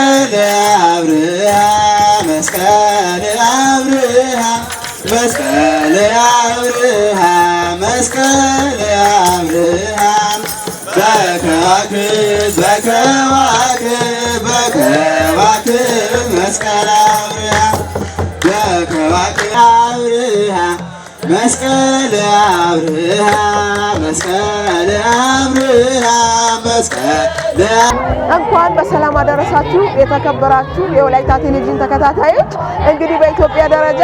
አብርሃ መስቀል አብርሃ መስቀል አብርሃ መስቀል አብርሃ መስቀል አብርሃ አብርሃ መስቀል አብርሃም መስቀል አብርሃም መስቀል እንኳን በሰላም አደረሳችሁ የተከበራችሁ የወላይታ ቴሌቪዥን ተከታታዮች። እንግዲህ በኢትዮጵያ ደረጃ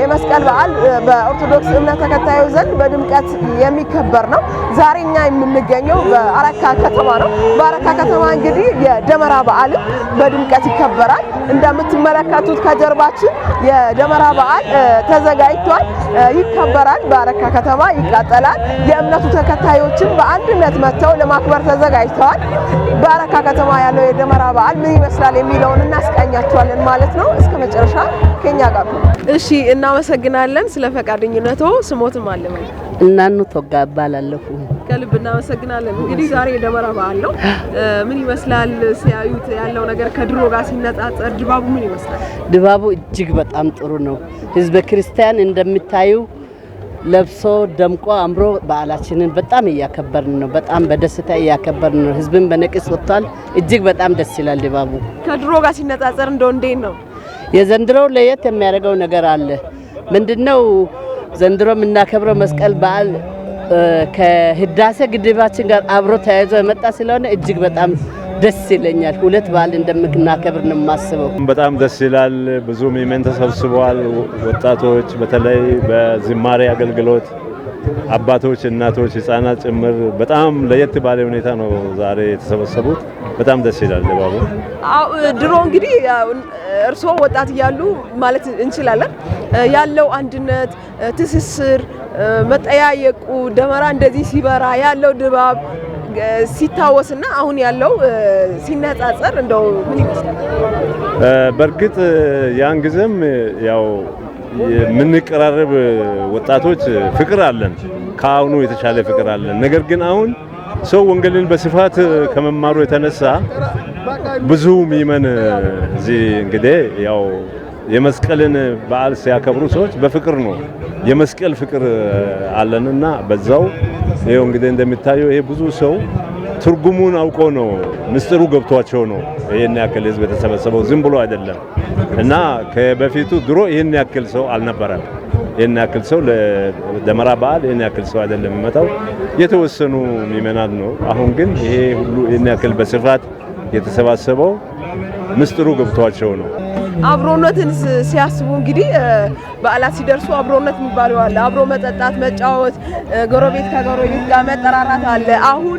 የመስቀል በዓል በኦርቶዶክስ እምነት ተከታዮች ዘንድ በድምቀት የሚከበር ነው። ዛሬ እኛ የምንገኘው በአረካ ከተማ ነው። በአረካ ከተማ እንግዲህ የደመራ በዓልም በድምቀት ይከበራል። እንደምትመለከቱት ከጀርባችን የደመራ በዓል ተዘጋጅቷል። ይከበራል። በአረካ ከተማ ይቃጠላል። የእምነቱ ተከታዮችን በአንድነት መጥተው ለማክበር ተዘጋጅተዋል። በአረካ ከተማ ያለው የደመራ በዓል ምን ይመስላል የሚለውን እናስቃኛቸዋለን ማለት ነው። እስከ መጨረሻ ከኛ ጋር እሺ። እናመሰግናለን ስለ ፈቃደኝነቶ ስሞትም አለመል እናኑ ቶጋ እባላለሁ። ከልብ እናመሰግናለን። እንግዲህ ዛሬ ደመራ በዓል ነው። ምን ይመስላል ሲያዩት ያለው ነገር ከድሮ ጋር ሲነጻጸር ድባቡ ምን ይመስላል? ድባቡ እጅግ በጣም ጥሩ ነው። ህዝበ ክርስቲያን እንደምታዩ ለብሶ ደምቆ አምሮ በዓላችንን በጣም እያከበርን ነው። በጣም በደስታ እያከበርን ነው። ህዝብን በነቂስ ወጥቷል። እጅግ በጣም ደስ ይላል ድባቡ ከድሮ ጋር ሲነጻጸር። እንደው እንዴት ነው የዘንድሮው ለየት የሚያደርገው ነገር አለ ምንድነው? ዘንድሮ የምናከብረው መስቀል በዓል ከህዳሴ ግድባችን ጋር አብሮ ተያይዞ የመጣ ስለሆነ እጅግ በጣም ደስ ይለኛል። ሁለት በዓል እንደምናከብር ነው የማስበው። በጣም ደስ ይላል። ብዙ ምዕመናን ተሰብስበዋል። ወጣቶች በተለይ በዝማሬ አገልግሎት አባቶች፣ እናቶች፣ ህጻናት ጭምር በጣም ለየት ባለ ሁኔታ ነው ዛሬ የተሰበሰቡት። በጣም ደስ ይላል ድባቡ። ድሮ እንግዲህ እርስዎ ወጣት እያሉ ማለት እንችላለን ያለው አንድነት፣ ትስስር፣ መጠያየቁ ደመራ እንደዚህ ሲበራ ያለው ድባብ ሲታወስና አሁን ያለው ሲነጻጸር እንደው ምን ይመስላል? በእርግጥ ያን ጊዜም ያው የምንቀራረብ ወጣቶች ፍቅር አለን። ከአሁኑ የተሻለ ፍቅር አለን። ነገር ግን አሁን ሰው ወንጌልን በስፋት ከመማሩ የተነሳ ብዙ ምእመን እዚህ እንግዲህ ያው የመስቀልን በዓል ሲያከብሩ ሰዎች በፍቅር ነው። የመስቀል ፍቅር አለንና በዛው ይሄው እንግዲህ እንደሚታየው ይሄ ብዙ ሰው ትርጉሙን አውቆ ነው ምስጢሩ ገብቷቸው ነው ይህን ያክል ህዝብ የተሰበሰበው፣ ዝም ብሎ አይደለም እና ከበፊቱ ድሮ ይህን ያክል ሰው አልነበረም። ይህን ያክል ሰው ለደመራ በዓል ይህን ያክል ሰው አይደለም የሚመጣው፣ የተወሰኑ ምዕመናን ነው። አሁን ግን ይሄ ሁሉ ይህን ያክል በስፋት የተሰባሰበው ምስጢሩ ገብቷቸው ነው። አብሮነትን ሲያስቡ እንግዲህ በዓላት ሲደርሱ አብሮነት የሚባለው አለ። አብሮ መጠጣት፣ መጫወት፣ ጎረቤት ከጎረቤት ጋር መጠራራት አለ። አሁን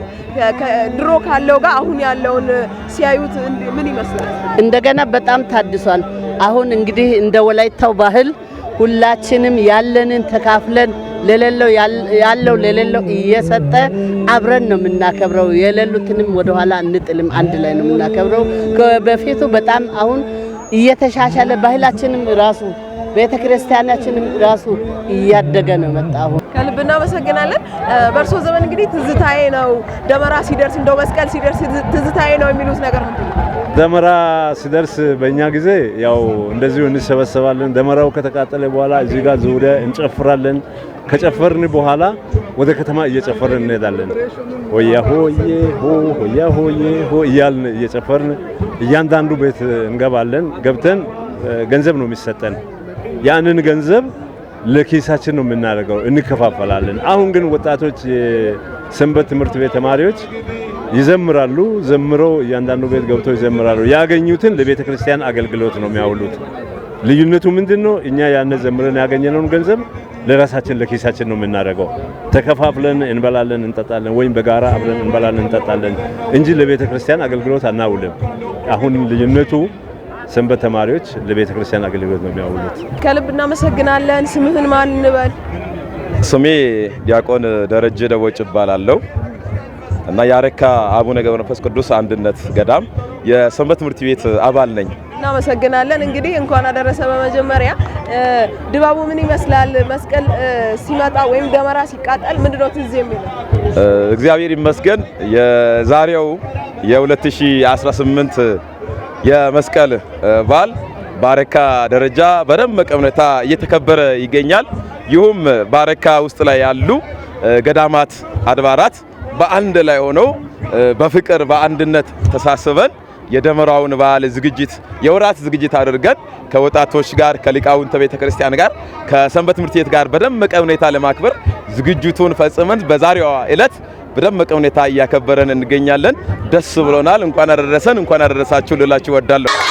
ድሮ ካለው ጋር አሁን ያለውን ሲያዩት ምን ይመስላል? እንደገና በጣም ታድሷል። አሁን እንግዲህ እንደ ወላይታው ባህል ሁላችንም ያለንን ተካፍለን ለሌለው ያለው ለሌለው እየሰጠ አብረን ነው የምናከብረው። የሌሉትንም ወደኋላ እንጥልም፣ አንድ ላይ ነው የምናከብረው። በፊቱ በጣም አሁን እየተሻሻለ ባህላችንም ራሱ ቤተ ክርስቲያናችንም ራሱ እያደገ ነው አሁን ከልብ እናመሰግናለን። በእርሶ ዘመን እንግዲህ ትዝታዬ ነው ደመራ ሲደርስ እንደው መስቀል ሲደርስ ትዝታዬ ነው የሚሉት ነገር ነው ደመራ ሲደርስ በእኛ ጊዜ ያው እንደዚሁ እንሰበሰባለን። ደመራው ከተቃጠለ በኋላ እዚህ ጋር ዙሪያ እንጨፍራለን። ከጨፈርን በኋላ ወደ ከተማ እየጨፈርን እንሄዳለን። ሆያ ሆዬ ሆ ሆያ ሆዬ ሆ እያልን እየጨፈርን እያንዳንዱ ቤት እንገባለን። ገብተን ገንዘብ ነው የሚሰጠን። ያንን ገንዘብ ለኪሳችን ነው የምናደርገው፣ እንከፋፈላለን። አሁን ግን ወጣቶች የሰንበት ትምህርት ቤት ተማሪዎች ይዘምራሉ። ዘምረው እያንዳንዱ ቤት ገብተው ይዘምራሉ። ያገኙትን ለቤተ ክርስቲያን አገልግሎት ነው የሚያውሉት። ልዩነቱ ምንድን ነው? እኛ ያነ ዘምረን ያገኘነውን ገንዘብ ለራሳችን ለኪሳችን ነው የምናደርገው። ተከፋፍለን እንበላለን፣ እንጠጣለን፣ ወይም በጋራ አብረን እንበላለን፣ እንጠጣለን እንጂ ለቤተ ክርስቲያን አገልግሎት አናውልም። አሁን ልዩነቱ ሰንበት ተማሪዎች ለቤተ ክርስቲያን አገልግሎት ነው የሚያውሉት። ከልብ እናመሰግናለን። ስምህን ማን እንበል? ስሜ ዲያቆን ደረጀ ደቦጭ እባላለሁ። እና የአረካ አቡነ ገብረ መንፈስ ቅዱስ አንድነት ገዳም የሰንበት ትምህርት ቤት አባል ነኝ። እናመሰግናለን። እንግዲህ እንኳን አደረሰ። በመጀመሪያ ድባቡ ምን ይመስላል? መስቀል ሲመጣ ወይም ደመራ ሲቃጠል ምንድነው ትዝ የሚለው? እግዚአብሔር ይመስገን የዛሬው የ2018 የመስቀል በዓል በአረካ ደረጃ በደመቀ ሁኔታ እየተከበረ ይገኛል። ይሁም በአረካ ውስጥ ላይ ያሉ ገዳማት፣ አድባራት በአንድ ላይ ሆነው በፍቅር በአንድነት ተሳስበን የደመራውን በዓል ዝግጅት የወራት ዝግጅት አድርገን ከወጣቶች ጋር ከሊቃውንተ ቤተ ክርስቲያን ጋር ከሰንበት ትምህርት ቤት ጋር በደመቀ ሁኔታ ለማክበር ዝግጅቱን ፈጽመን በዛሬዋ ዕለት በደመቀ ሁኔታ እያከበረን እንገኛለን። ደስ ብሎናል። እንኳን አደረሰን፣ እንኳን አደረሳችሁ ልላችሁ እወዳለሁ።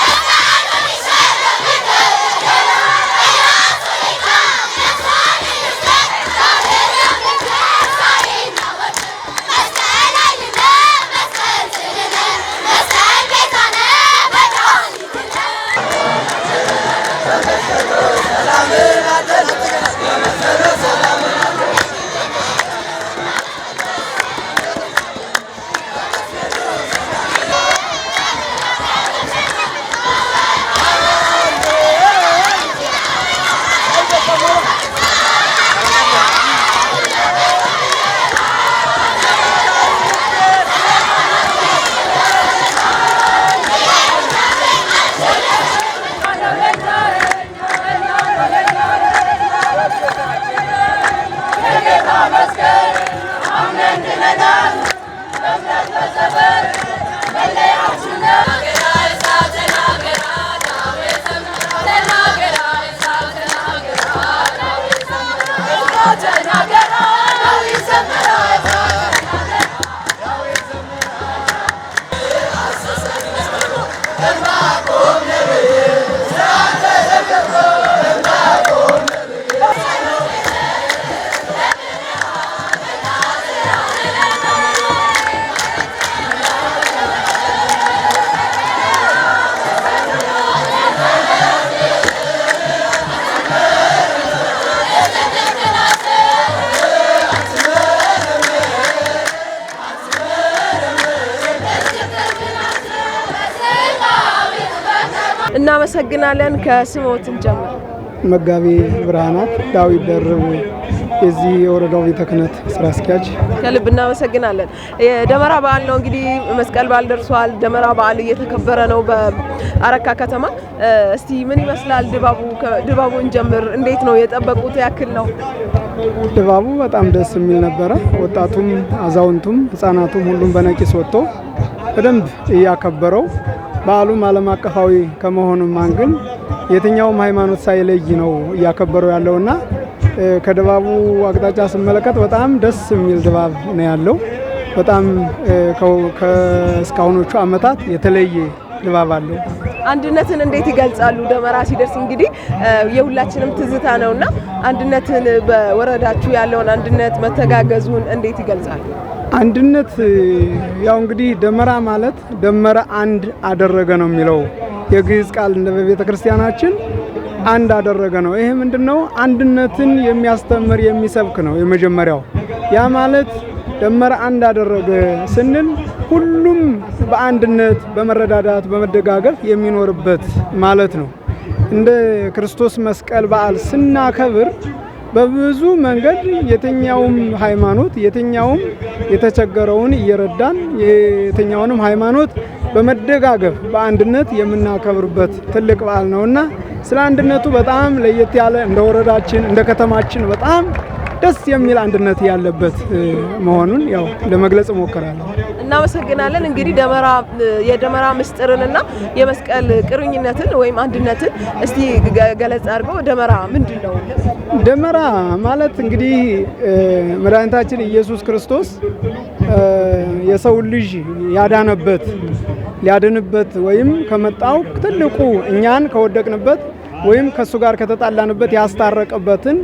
እናመሰግናለን። ከስሞትን ጀምር። መጋቤ ብርሃናት ዳዊት ደርቡ የዚህ የወረዳው ቤተ ክህነት ስራ አስኪያጅ፣ ከልብ እናመሰግናለን። የደመራ በዓል ነው እንግዲህ መስቀል በዓል ደርሷል። ደመራ በዓል እየተከበረ ነው በአረካ ከተማ። እስቲ ምን ይመስላል ድባቡ? ድባቡን ጀምር። እንዴት ነው የጠበቁት ያክል ነው? ድባቡ በጣም ደስ የሚል ነበረ። ወጣቱም፣ አዛውንቱም፣ ህጻናቱም ሁሉም በነቂስ ወጥቶ በደንብ እያከበረው በዓሉም ዓለም አቀፋዊ ከመሆኑም አንግል የትኛውም ሃይማኖት ሳይለይ ነው እያከበረው ያለውና ከድባቡ አቅጣጫ ስመለከት በጣም ደስ የሚል ድባብ ነው ያለው። በጣም ከእስካሁኖቹ ዓመታት የተለየ ድባብ አለው። አንድነትን እንዴት ይገልጻሉ? ደመራ ሲደርስ እንግዲህ የሁላችንም ትዝታ ነውና አንድነትን በወረዳችሁ ያለውን አንድነት መተጋገዙን እንዴት ይገልጻሉ? አንድነት ያው እንግዲህ ደመራ ማለት ደመረ አንድ አደረገ ነው የሚለው የግዕዝ ቃል እንደ በቤተ ክርስቲያናችን አንድ አደረገ ነው። ይሄ ምንድነው? አንድነትን የሚያስተምር የሚሰብክ ነው የመጀመሪያው። ያ ማለት ደመረ አንድ አደረገ ስንል ሁሉም በአንድነት በመረዳዳት በመደጋገፍ የሚኖርበት ማለት ነው። እንደ ክርስቶስ መስቀል በዓል ስናከብር በብዙ መንገድ የትኛውም ሃይማኖት የትኛውም የተቸገረውን እየረዳን የትኛውንም ሃይማኖት በመደጋገፍ በአንድነት የምናከብርበት ትልቅ በዓል እና ስለ አንድነቱ በጣም ለየት ያለ እንደ ወረዳችን እንደ ከተማችን በጣም ደስ የሚል አንድነት ያለበት መሆኑን ያው ለመግለጽ እሞክራለሁ። እናመሰግናለን። እንግዲህ ደመራ የደመራ ምስጢርንና የመስቀል ቅርኝነትን ወይም አንድነትን እስቲ ገለጽ አድርገው። ደመራ ምንድን ነው? ደመራ ማለት እንግዲህ መድኃኒታችን ኢየሱስ ክርስቶስ የሰው ልጅ ያዳነበት ሊያድንበት ወይም ከመጣው ትልቁ እኛን ከወደቅንበት ወይም ከእሱ ጋር ከተጣላንበት ያስታረቀበትን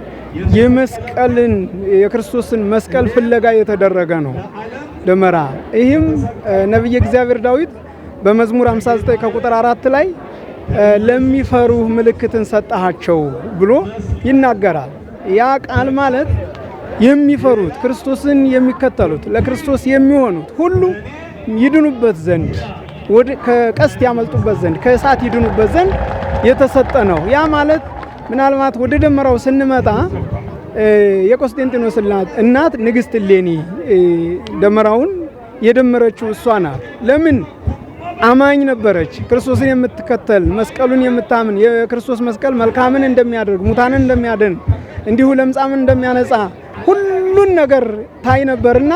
የመስቀልን የክርስቶስን መስቀል ፍለጋ የተደረገ ነው ደመራ። ይህም ነቢየ እግዚአብሔር ዳዊት በመዝሙር 59 ከቁጥር አራት ላይ ለሚፈሩ ምልክትን ሰጠሃቸው ብሎ ይናገራል። ያ ቃል ማለት የሚፈሩት ክርስቶስን የሚከተሉት ለክርስቶስ የሚሆኑት ሁሉ ይድኑበት ዘንድ ከቀስት ያመልጡበት ዘንድ ከእሳት ይድኑበት ዘንድ የተሰጠ ነው። ያ ማለት ምናልባት ወደ ደመራው ስንመጣ የቆስጤንጢኖስ እናት ንግሥት እሌኒ ደመራውን የደመረችው እሷ ናት። ለምን አማኝ ነበረች። ክርስቶስን የምትከተል መስቀሉን የምታምን የክርስቶስ መስቀል መልካምን እንደሚያደርግ ሙታንን እንደሚያድን እንዲሁ ለምጻምን እንደሚያነጻ ሁሉን ነገር ታይ ነበርና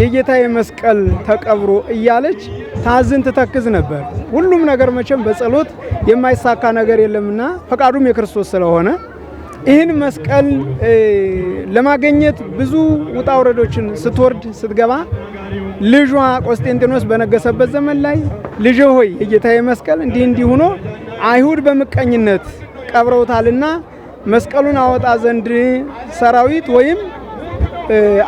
የጌታዬ መስቀል ተቀብሮ እያለች ታዝን ትተክዝ ነበር። ሁሉም ነገር መቼም በጸሎት የማይሳካ ነገር የለምና ፈቃዱም የክርስቶስ ስለሆነ ይህን መስቀል ለማገኘት ብዙ ውጣ ውረዶችን ስትወርድ ስትገባ ልጇ ቆስጤንጤኖስ በነገሰበት ዘመን ላይ ልጅ ሆይ የጌታዬ መስቀል እንዲህ እንዲህ ሆኖ አይሁድ በምቀኝነት ቀብረውታልና መስቀሉን አወጣ ዘንድ ሰራዊት ወይም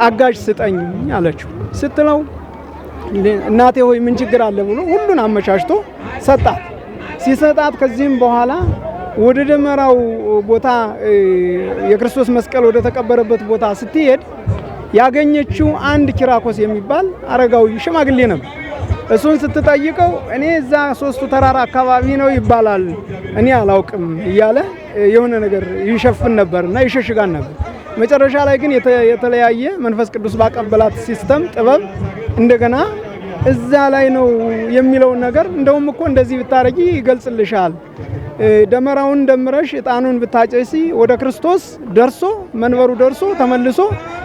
አጋዥ ስጠኝ አለችው። ስትለው እናቴ ሆይ ምን ችግር አለ ብሎ ሁሉን አመቻችቶ ሰጣት። ሲሰጣት ከዚህም በኋላ ወደ ደመራው ቦታ የክርስቶስ መስቀል ወደ ተቀበረበት ቦታ ስትሄድ ያገኘችው አንድ ኪራኮስ የሚባል አረጋዊ ሽማግሌ ነበር። እሱን ስትጠይቀው እኔ እዛ ሶስቱ ተራራ አካባቢ ነው ይባላል እኔ አላውቅም እያለ የሆነ ነገር ይሸፍን ነበር እና ይሸሽጋን ነበር። መጨረሻ ላይ ግን የተለያየ መንፈስ ቅዱስ ባቀበላት ሲስተም ጥበብ እንደገና እዛ ላይ ነው የሚለውን ነገር እንደውም እኮ እንደዚህ ብታረጊ ይገልጽልሻል ደመራውን ደምረሽ እጣኑን ብታጨሲ ወደ ክርስቶስ ደርሶ መንበሩ ደርሶ ተመልሶ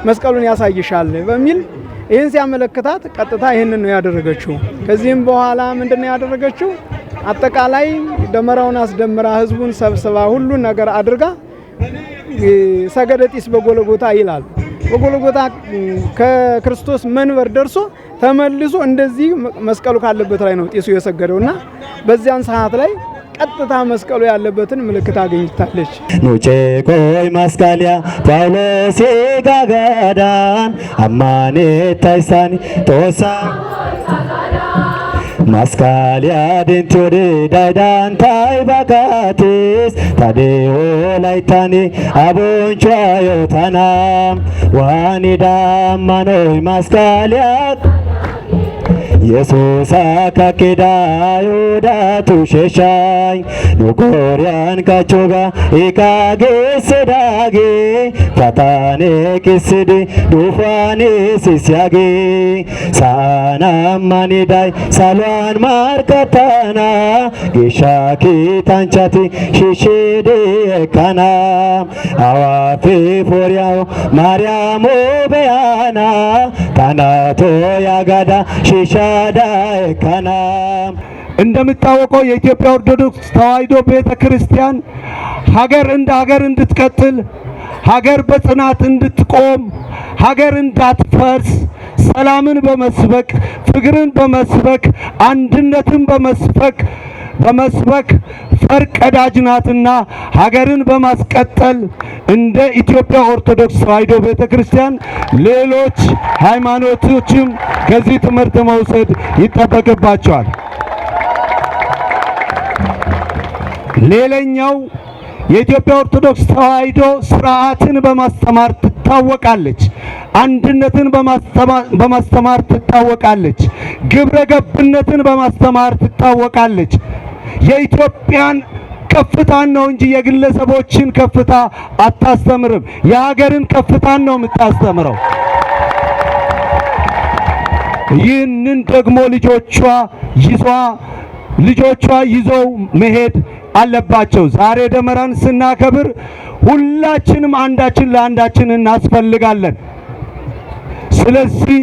መስቀሉን ያሳይሻል በሚል ይህን ሲያመለክታት ቀጥታ ይህንን ነው ያደረገችው። ከዚህም በኋላ ምንድነው ያደረገችው? አጠቃላይ ደመራውን አስደምራ ህዝቡን ሰብስባ ሁሉን ነገር አድርጋ ሰገደ ጢስ በጎለጎታ ይላል። በጎለጎታ ከክርስቶስ መንበር ደርሶ ተመልሶ እንደዚህ መስቀሉ ካለበት ላይ ነው ጢሱ የሰገደውና በዚያን ሰዓት ላይ ቀጥታ መስቀሉ ያለበትን ምልክት አግኝታለች። ኑጬ ቆይ ማስካሊያ ጳውሎስ ጋጋዳን አማኔ ታይሳኒ ጦሳ ማስካሊያ ድንቲ ወደ ዳይዳን ታይ ባካቴስ ታዴዎ ላይታኔ አቦንቿ ዮታናም ዋኒ ማስካሊያ የሱሳ ካኬዳ ዮዳቱ ሸሻይ ኖጎሪያን ካቾጋ ኢካጌሴዳጌ ካታኔ ኪስድ ዱፋኔ ሲስያጌ ሳናማኔዳይ ሳሏን ማርካታና ጌሻኪ ታንቻቲ ሽሽዴ የካና አዋፌ ፎሪያው ማርያሞ በያና ታናቶ ያጋዳ ሽሻ ዳይከና እንደሚታወቀው የኢትዮጵያ ኦርቶዶክስ ተዋሕዶ ቤተ ክርስቲያን ሀገር እንደ ሀገር እንድትቀጥል ሀገር በጽናት እንድትቆም ሀገር እንዳትፈርስ ሰላምን በመስበክ ፍቅርን በመስበክ አንድነትን በመስበክ በመስበክ ፈርቀዳጅ ናትና ሀገርን በማስቀጠል እንደ ኢትዮጵያ ኦርቶዶክስ ተዋሕዶ ቤተ ክርስቲያን ሌሎች ሃይማኖቶችም ከዚህ ትምህርት መውሰድ ይጠበቅባቸዋል። ሌላኛው የኢትዮጵያ ኦርቶዶክስ ተዋሕዶ ስርዓትን በማስተማር ትታወቃለች። አንድነትን በማስተማር ትታወቃለች። ግብረ ገብነትን በማስተማር ትታወቃለች። የኢትዮጵያን ከፍታን ነው እንጂ የግለሰቦችን ከፍታ አታስተምርም። የሀገርን ከፍታን ነው የምታስተምረው። ይህንን ደግሞ ልጆቿ ይዟ ልጆቿ ይዘው መሄድ አለባቸው። ዛሬ ደመራን ስናከብር ሁላችንም አንዳችን ለአንዳችን እናስፈልጋለን። ስለዚህ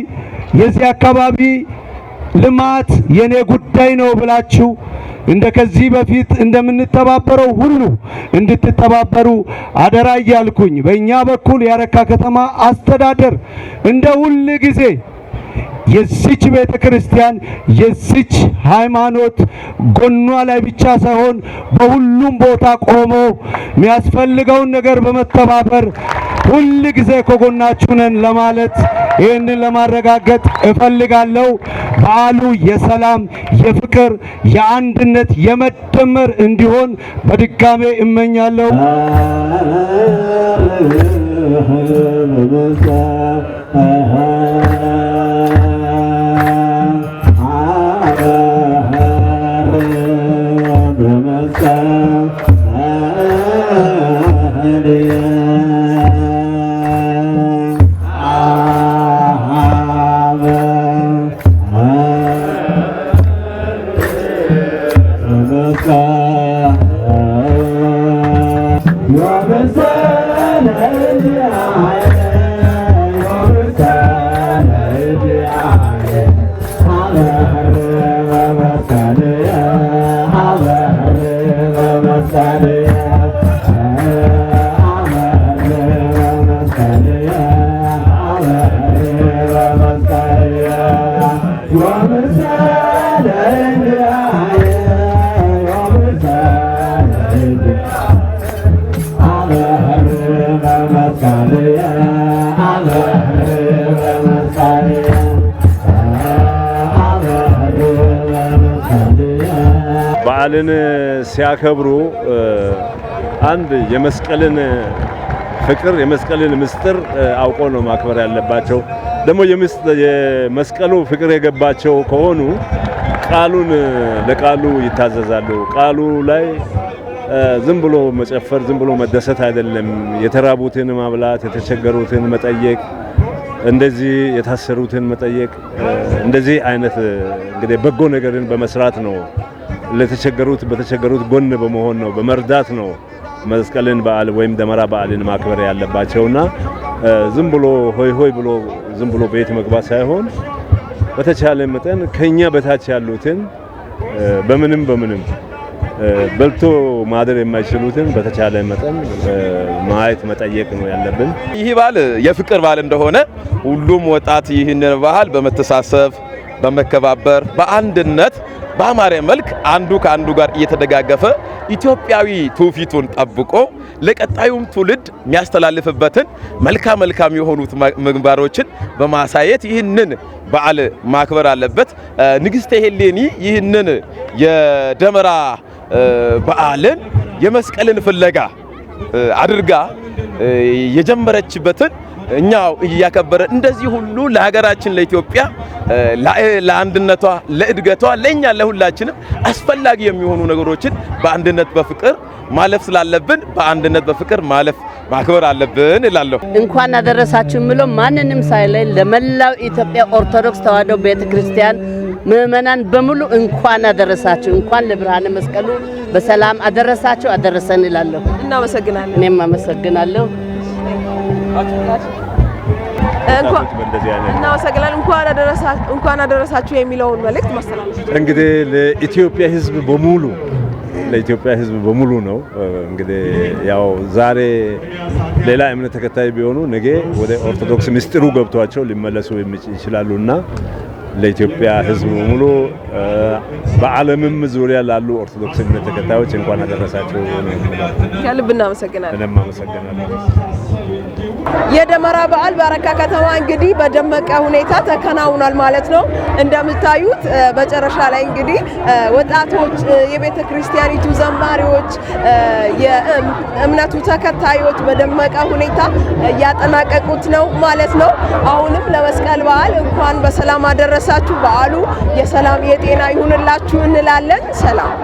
የዚህ አካባቢ ልማት የኔ ጉዳይ ነው ብላችሁ እንደ ከዚህ በፊት እንደምንተባበረው ሁሉ እንድትተባበሩ አደራ እያልኩኝ በእኛ በኩል የአረካ ከተማ አስተዳደር እንደ ሁል ጊዜ የዚች ቤተ ክርስቲያን የዚች ሃይማኖት ጎኗ ላይ ብቻ ሳይሆን በሁሉም ቦታ ቆሞ የሚያስፈልገውን ነገር በመተባበር ሁል ጊዜ ከጎናችሁ ነን ለማለት ይህንን ለማረጋገጥ እፈልጋለሁ። በዓሉ የሰላም፣ የፍቅር፣ የአንድነት፣ የመደመር እንዲሆን በድጋሜ እመኛለሁ። Valinin ሲያከብሩ አንድ የመስቀልን ፍቅር የመስቀልን ምስጢር አውቆ ነው ማክበር ያለባቸው። ደግሞ የመስቀሉ ፍቅር የገባቸው ከሆኑ ቃሉን ለቃሉ ይታዘዛሉ። ቃሉ ላይ ዝም ብሎ መጨፈር፣ ዝም ብሎ መደሰት አይደለም። የተራቡትን ማብላት፣ የተቸገሩትን መጠየቅ፣ እንደዚህ የታሰሩትን መጠየቅ፣ እንደዚህ አይነት እንግዲህ በጎ ነገርን በመስራት ነው ለተቸገሩት በተቸገሩት ጎን በመሆን ነው በመርዳት ነው መስቀልን በዓል ወይም ደመራ በዓልን ማክበር ያለባቸውና ዝም ብሎ ሆይ ሆይ ብሎ ዝም ብሎ ቤት መግባት ሳይሆን በተቻለ መጠን ከኛ በታች ያሉትን በምንም በምንም በልቶ ማደር የማይችሉትን በተቻለ መጠን ማየት መጠየቅ ነው ያለብን። ይህ በዓል የፍቅር በዓል እንደሆነ ሁሉም ወጣት ይህንን ባህል በመተሳሰብ በመከባበር በአንድነት በአማረ መልክ አንዱ ከአንዱ ጋር እየተደጋገፈ ኢትዮጵያዊ ትውፊቱን ጠብቆ ለቀጣዩም ትውልድ የሚያስተላልፍበትን መልካም መልካም የሆኑት ምግባሮችን በማሳየት ይህንን በዓል ማክበር አለበት። ንግሥተ ሄሌኒ ይህንን የደመራ በዓልን የመስቀልን ፍለጋ አድርጋ የጀመረችበትን እኛው እያከበረ እንደዚህ ሁሉ ለሀገራችን ለኢትዮጵያ ለአንድነቷ፣ ለእድገቷ፣ ለእኛ ለሁላችንም አስፈላጊ የሚሆኑ ነገሮችን በአንድነት በፍቅር ማለፍ ስላለብን በአንድነት በፍቅር ማለፍ ማክበር አለብን እላለሁ። እንኳን አደረሳችሁ የምለው ማንንም ሳይለይ ለመላው ኢትዮጵያ ኦርቶዶክስ ተዋሕዶ ቤተክርስቲያን ምእመናን በሙሉ እንኳን አደረሳችሁ፣ እንኳን ለብርሃነ መስቀሉ በሰላም አደረሳችሁ አደረሰን እላለሁ። እናመሰግናለን። እኔም አመሰግናለሁ። እናመሰግናለን። እንኳን አደረሳችሁ የሚለውን መልእክት ማስተላለፍ እንግዲህ ለኢትዮጵያ ሕዝብ በሙሉ ለኢትዮጵያ ሕዝብ በሙሉ ነው። እንግዲህ ያው ዛሬ ሌላ እምነት ተከታይ ቢሆኑ ነገ ወደ ኦርቶዶክስ ምስጢሩ ገብቷቸው ሊመለሱ ይችላሉ ለኢትዮጵያ ሕዝብ በሙሉ በዓለምም ዙሪያ ላሉ ኦርቶዶክስ እምነት ተከታዮች እንኳን አደረሳቸው። ከልብ እናመሰግናለን። የደመራ በዓል በአረካ ከተማ እንግዲህ በደመቀ ሁኔታ ተከናውኗል ማለት ነው። እንደምታዩት መጨረሻ ላይ እንግዲህ ወጣቶች፣ የቤተ ክርስቲያኒቱ ዘማሪዎች፣ የእምነቱ ተከታዮች በደመቀ ሁኔታ እያጠናቀቁት ነው ማለት ነው። አሁንም ለመስቀል በዓል እንኳን በሰላም አደረሳችሁ። በዓሉ የሰላም የጤና ይሁንላችሁ እንላለን። ሰላም